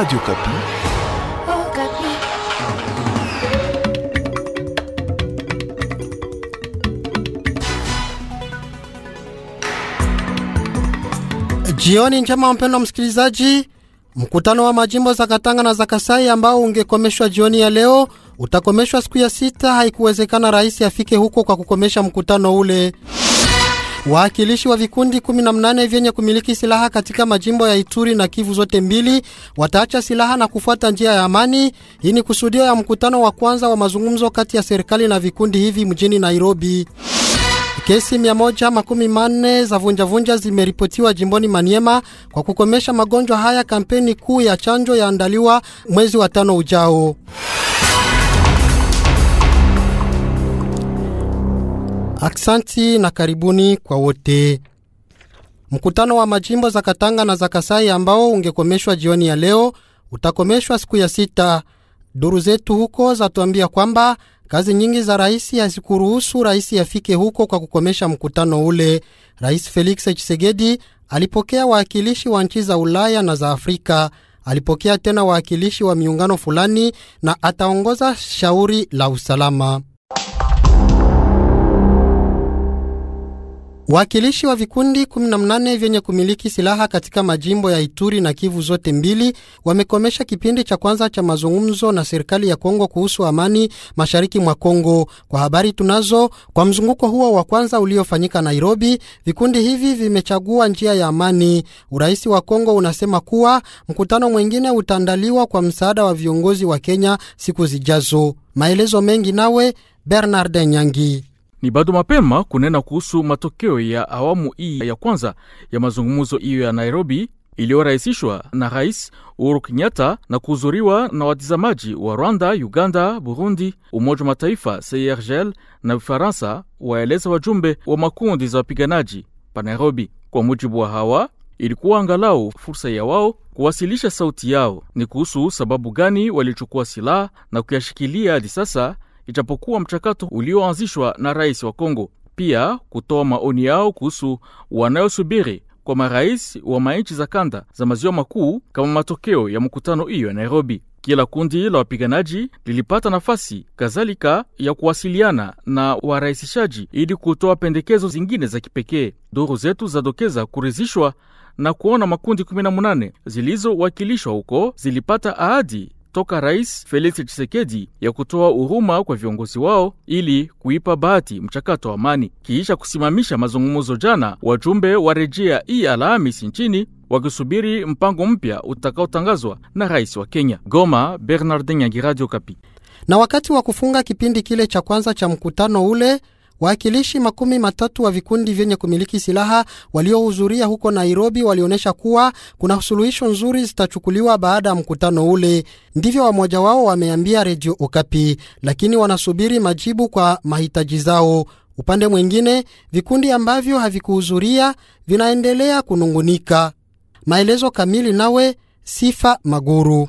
Radio Kapi. Oh, Kapi. Jioni njema mpendwa msikilizaji. Mkutano wa majimbo za Katanga na za Kasai ambao ungekomeshwa jioni ya leo utakomeshwa siku ya sita. Haikuwezekana rais afike huko kwa kukomesha mkutano ule. Waakilishi wa vikundi 18 vyenye kumiliki silaha katika majimbo ya Ituri na Kivu zote mbili wataacha silaha na kufuata njia ya amani. Hii ni kusudio ya mkutano wa kwanza wa mazungumzo kati ya serikali na vikundi hivi mjini Nairobi. Kesi mia moja makumi manne za vunjavunja zimeripotiwa jimboni Maniema. Kwa kukomesha magonjwa haya, kampeni kuu ya chanjo yaandaliwa mwezi wa tano ujao. Aksanti na karibuni kwa wote. Mkutano wa majimbo za Katanga na za Kasai ambao ungekomeshwa jioni ya leo utakomeshwa siku ya sita. Duru zetu huko zatuambia kwamba kazi nyingi za rais hazikuruhusu rais afike huko kwa kukomesha mkutano ule. Rais Felix Tshisekedi alipokea waakilishi wa nchi za Ulaya na za Afrika, alipokea tena waakilishi wa miungano fulani na ataongoza shauri la usalama. Wakilishi wa vikundi 18 vyenye kumiliki silaha katika majimbo ya Ituri na Kivu zote mbili wamekomesha kipindi cha kwanza cha mazungumzo na serikali ya Kongo kuhusu amani mashariki mwa Kongo. Kwa habari tunazo, kwa mzunguko huo wa kwanza uliofanyika Nairobi, vikundi hivi vimechagua njia ya amani. Urais wa Kongo unasema kuwa mkutano mwingine utaandaliwa kwa msaada wa viongozi wa Kenya siku zijazo. Maelezo mengi nawe Bernard Nyangi. Ni bado mapema kunena kuhusu matokeo ya awamu hii ya kwanza ya mazungumzo hiyo ya Nairobi iliyorahisishwa na Rais Uhuru Kenyatta na kuhudhuriwa na watazamaji wa Rwanda, Uganda, Burundi, Umoja wa Mataifa, CIRGL na Ufaransa, waeleza wajumbe wa makundi za wapiganaji pa Nairobi. Kwa mujibu wa hawa, ilikuwa angalau fursa ya wao kuwasilisha sauti yao ni kuhusu sababu gani walichukua silaha na kuyashikilia hadi sasa ijapokuwa mchakato ulioanzishwa na rais wa Kongo, pia kutoa maoni yao kuhusu wanayosubiri kwa marais wa manchi za kanda za maziwa makuu kama matokeo ya mkutano hiyo ya Nairobi. Kila kundi la wapiganaji lilipata nafasi kadhalika ya kuwasiliana na warahisishaji ili kutoa pendekezo zingine za kipekee. Duru zetu zadokeza kuridhishwa na kuona makundi 18 zilizowakilishwa huko zilipata ahadi toka Rais Felix Tshisekedi ya kutoa huruma kwa viongozi wao ili kuipa bahati mchakato wa amani. Kiisha kusimamisha mazungumzo jana, wajumbe warejea hii Alhamisi nchini wakisubiri mpango mpya utakaotangazwa na rais wa Kenya. Goma, Bernardin Yangi, Radio Kapi. Na wakati wa kufunga kipindi kile cha kwanza cha mkutano ule Waakilishi makumi matatu wa vikundi vyenye kumiliki silaha waliohudhuria huko Nairobi walionyesha kuwa kuna suluhisho nzuri zitachukuliwa baada ya mkutano ule. Ndivyo wamoja wao wameambia Redio Okapi, lakini wanasubiri majibu kwa mahitaji zao. Upande mwingine, vikundi ambavyo havikuhudhuria vinaendelea kunungunika. Maelezo kamili nawe Sifa Maguru.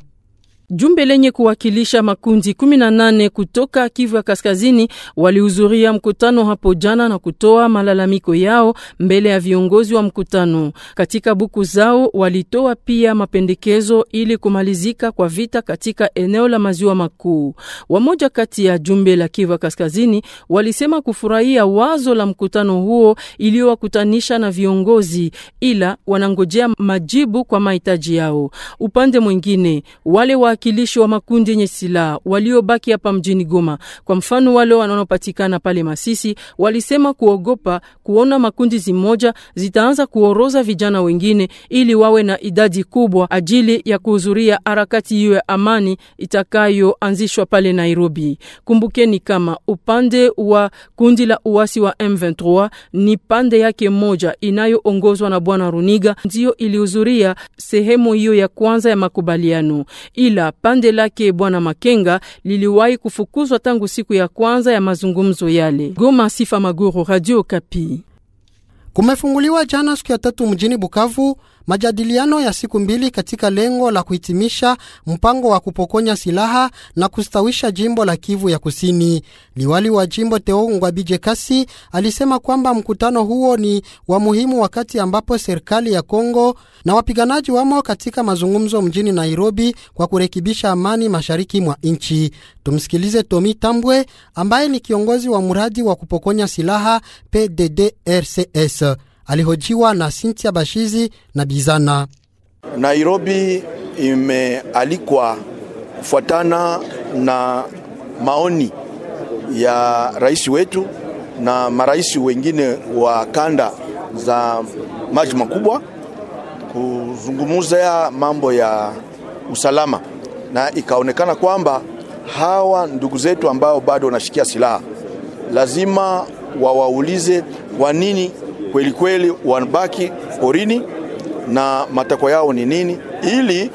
Jumbe lenye kuwakilisha makundi 18 kutoka Kivu ya Kaskazini walihudhuria mkutano hapo jana na kutoa malalamiko yao mbele ya viongozi wa mkutano. Katika buku zao walitoa pia mapendekezo ili kumalizika kwa vita katika eneo la maziwa makuu. Wamoja kati ya jumbe la Kivu ya Kaskazini walisema kufurahia wazo la mkutano huo iliyowakutanisha na viongozi, ila wanangojea majibu kwa mahitaji yao. Upande mwingine wale wa wawakilishi wa makundi yenye silaha waliobaki hapa mjini Goma, kwa mfano wale wanaopatikana pale Masisi, walisema kuogopa kuona makundi zimoja zitaanza kuoroza vijana wengine ili wawe na idadi kubwa ajili ya kuhudhuria harakati hiyo ya amani itakayoanzishwa pale Nairobi. Kumbukeni kama upande wa kundi la uasi wa M23 ni pande yake moja inayoongozwa na Bwana Runiga ndiyo ilihudhuria sehemu hiyo ya kwanza ya makubaliano ila pande lake Bwana Makenga liliwahi kufukuzwa tangu siku ya kwanza ya mazungumzo yale. Goma, Sifa Maguru, Radio Kapi. Kumefunguliwa jana siku ya tatu mjini Bukavu Majadiliano ya siku mbili katika lengo la kuhitimisha mpango wa kupokonya silaha na kustawisha jimbo la Kivu ya Kusini. Liwali wa jimbo Teongwa Bije Kasi alisema kwamba mkutano huo ni wa muhimu wakati ambapo serikali ya Kongo na wapiganaji wamo katika mazungumzo mjini Nairobi kwa kurekebisha amani mashariki mwa nchi. Tumsikilize Tomi Tambwe ambaye ni kiongozi wa mradi wa kupokonya silaha PDDRCS alihojiwa na sintia Bashizi na Bizana. Nairobi imealikwa kufuatana na maoni ya rais wetu na marais wengine wa kanda za maji makubwa kuzungumuza mambo ya usalama, na ikaonekana kwamba hawa ndugu zetu ambao bado wanashikia silaha lazima wawaulize kwa nini kweli kweli wanabaki porini na matakwa yao ni nini, ili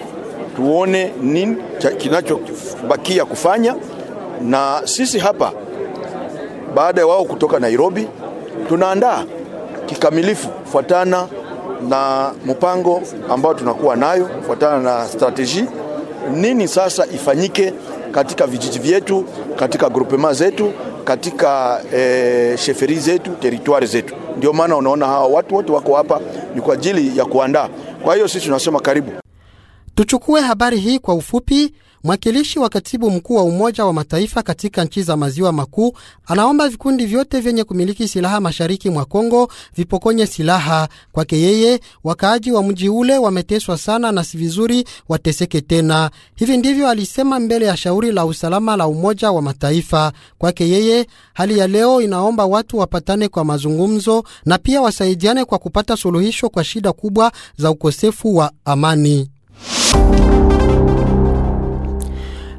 tuone nini kinachobakia kufanya. Na sisi hapa baada ya wao kutoka Nairobi, tunaandaa kikamilifu kufuatana na mpango ambao tunakuwa nayo, kufuatana na strateji, nini sasa ifanyike katika vijiji vyetu, katika grupema zetu, katika eh, sheferi zetu, teritwari zetu. Ndio maana unaona hawa watu wote wako hapa ni kwa ajili ya kuandaa. Kwa hiyo sisi tunasema karibu. Tuchukue habari hii kwa ufupi. Mwakilishi wa katibu mkuu wa Umoja wa Mataifa katika nchi za maziwa makuu anaomba vikundi vyote vyenye kumiliki silaha mashariki mwa Kongo vipokonye silaha. Kwake yeye, wakaaji wa mji ule wameteswa sana na si vizuri wateseke tena. Hivi ndivyo alisema mbele ya shauri la usalama la Umoja wa Mataifa. Kwake yeye, hali ya leo inaomba watu wapatane kwa mazungumzo na pia wasaidiane kwa kupata suluhisho kwa shida kubwa za ukosefu wa amani.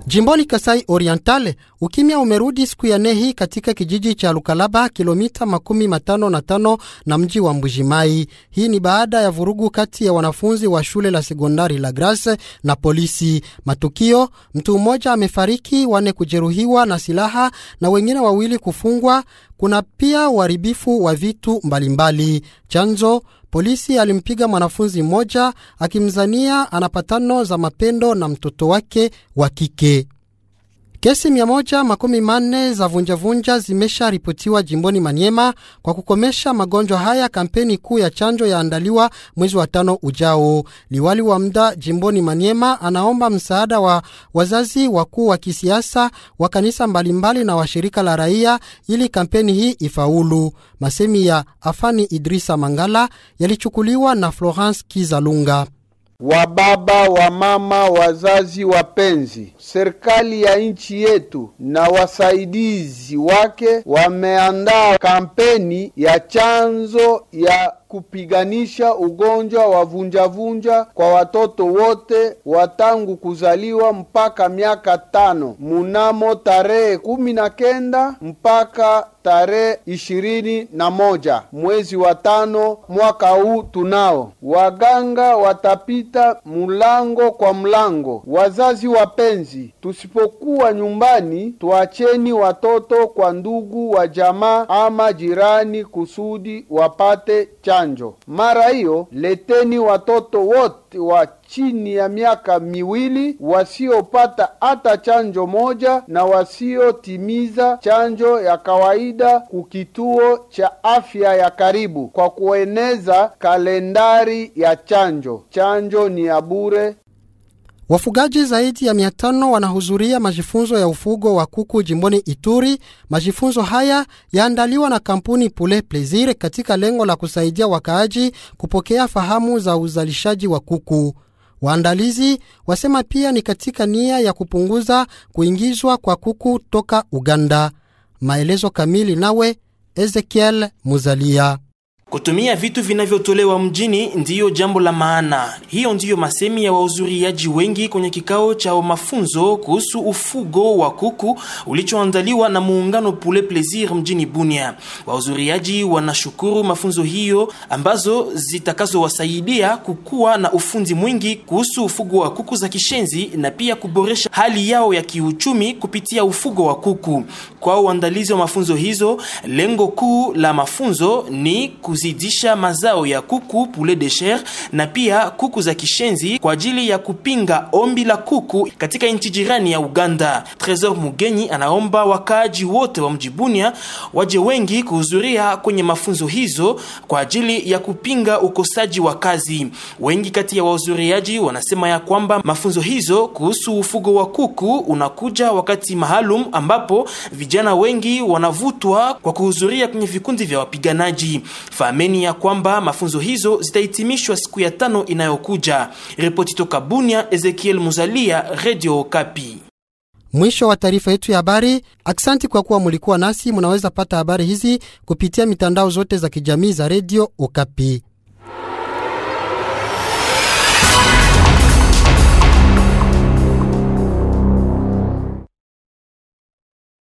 jimboli kasai orientale Ukimya umerudi siku ya nehi katika kijiji cha Lukalaba, kilomita makumi matano na tano na mji wa Mbujimai. Hii ni baada ya vurugu kati ya wanafunzi wa shule la sekondari la Grace na polisi. Matukio, mtu mmoja amefariki, wane kujeruhiwa na silaha na wengine wawili kufungwa. Kuna pia uharibifu wa vitu mbalimbali. Chanzo Polisi alimpiga mwanafunzi mmoja akimzania ana patano za mapendo na mtoto wake wa kike. Kesi manne za vunjavunja zimesharipotiwa jimboni Maniema. Kwa kukomesha magonjwa haya, kampeni kuu ya chanjo yaandaliwa mwezi wa tano ujao. Liwali wa mda jimboni Maniema anaomba msaada wa wazazi wakuu wa kisiasa wa kanisa mbalimbali na washirika la raia ili kampeni hii ifaulu. Masemi ya Afani Idrisa Mangala yalichukuliwa na Florence Kizalunga wa baba wa mama wazazi wapenzi, serikali ya nchi yetu na wasaidizi wake wameandaa kampeni ya chanzo ya kupiganisha ugonjwa wa vunjavunja kwa watoto wote wa tangu kuzaliwa mpaka miaka tano, munamo tarehe kumi na kenda mpaka tarehe ishirini na moja mwezi wa tano mwaka huu. Tunao waganga watapita mlango kwa mlango. Wazazi wapenzi, tusipokuwa nyumbani, tuacheni watoto kwa ndugu wa jamaa ama jirani kusudi wapate chanjo. Mara hiyo leteni watoto wote wa chini ya miaka miwili wasiopata hata chanjo moja na wasiotimiza chanjo ya kawaida kukituo cha afya ya karibu kwa kueneza kalendari ya chanjo. Chanjo ni ya bure Wafugaji zaidi ya mia tano wanahudhuria majifunzo ya ufugo wa kuku jimboni Ituri. Majifunzo haya yaandaliwa na kampuni Pule Plaisir katika lengo la kusaidia wakaaji kupokea fahamu za uzalishaji wa kuku. Waandalizi wasema pia ni katika nia ya kupunguza kuingizwa kwa kuku toka Uganda. Maelezo kamili nawe Ezekiel Muzalia. Kutumia vitu vinavyotolewa mjini ndiyo jambo la maana. Hiyo ndiyo masemi ya wahudhuriaji wengi kwenye kikao cha mafunzo kuhusu ufugo wa kuku ulichoandaliwa na muungano Pule Plaisir mjini Bunia. Wahudhuriaji wanashukuru mafunzo hiyo ambazo zitakazowasaidia kukuwa na ufundi mwingi kuhusu ufugo wa kuku za kishenzi na pia kuboresha hali yao ya kiuchumi kupitia ufugo wa kuku. Kwa uandalizi wa mafunzo hizo, lengo kuu la mafunzo ni kuzi kuzidisha mazao ya kuku poulet de chair na pia kuku za kishenzi kwa ajili ya kupinga ombi la kuku katika nchi jirani ya Uganda. Tresor Mugenyi anaomba wakaaji wote wa mji Bunia waje wengi kuhudhuria kwenye mafunzo hizo kwa ajili ya kupinga ukosaji wa kazi. Wengi kati ya wahudhuriaji wanasema ya kwamba mafunzo hizo kuhusu ufugo wa kuku unakuja wakati maalum ambapo vijana wengi wanavutwa kwa kuhudhuria kwenye vikundi vya wapiganaji. Fahameni ya kwamba mafunzo hizo zitahitimishwa siku ya tano inayokuja. Ripoti toka Bunia, Ezekiel Muzalia, Radio Okapi. Mwisho wa taarifa yetu ya habari. Aksanti kwa kuwa mulikuwa nasi. Munaweza pata habari hizi kupitia mitandao zote za kijamii za redio Okapi.